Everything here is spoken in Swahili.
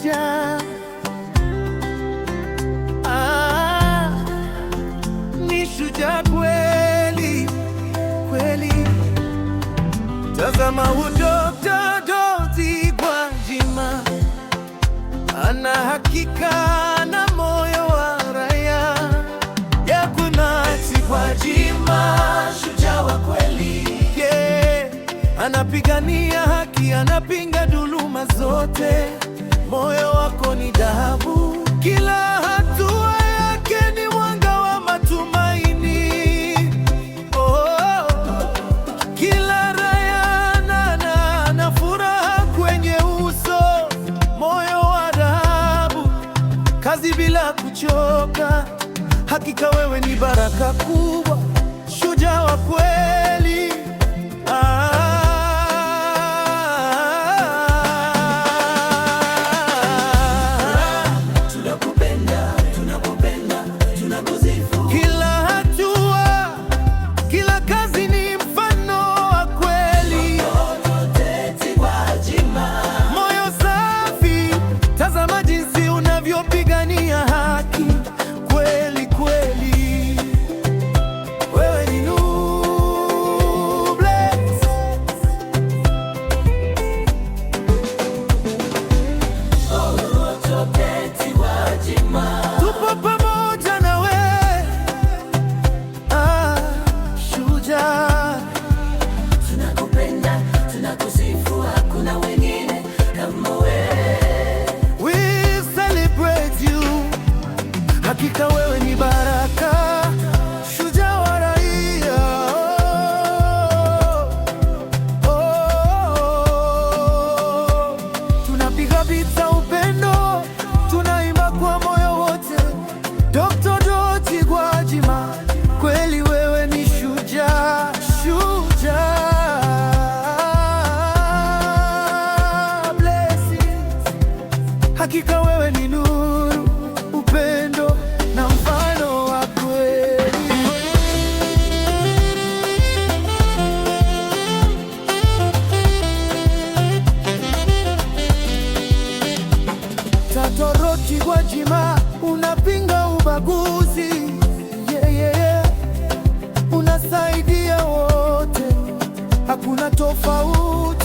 kuja ah, ni shujaa kweli kweli. Tazama udoto Dorothy Gwajima ana hakika na moyo wa raia ya kwa Gwajima shujaa wa kweli yeah, anapigania haki, anapinga dhuluma zote moyo wako ni dhahabu, kila hatua yake ni mwanga wa matumaini. Oh, kila na, na furaha kwenye uso, moyo wa dhahabu, kazi bila kuchoka. Hakika wewe ni baraka kubwa Hakika wewe ni nuru, upendo na mfano wa kweli. Tatoroki Gwajima, unapinga ubaguzi yeah, yeah, yeah. Unasaidia wote, hakuna tofauti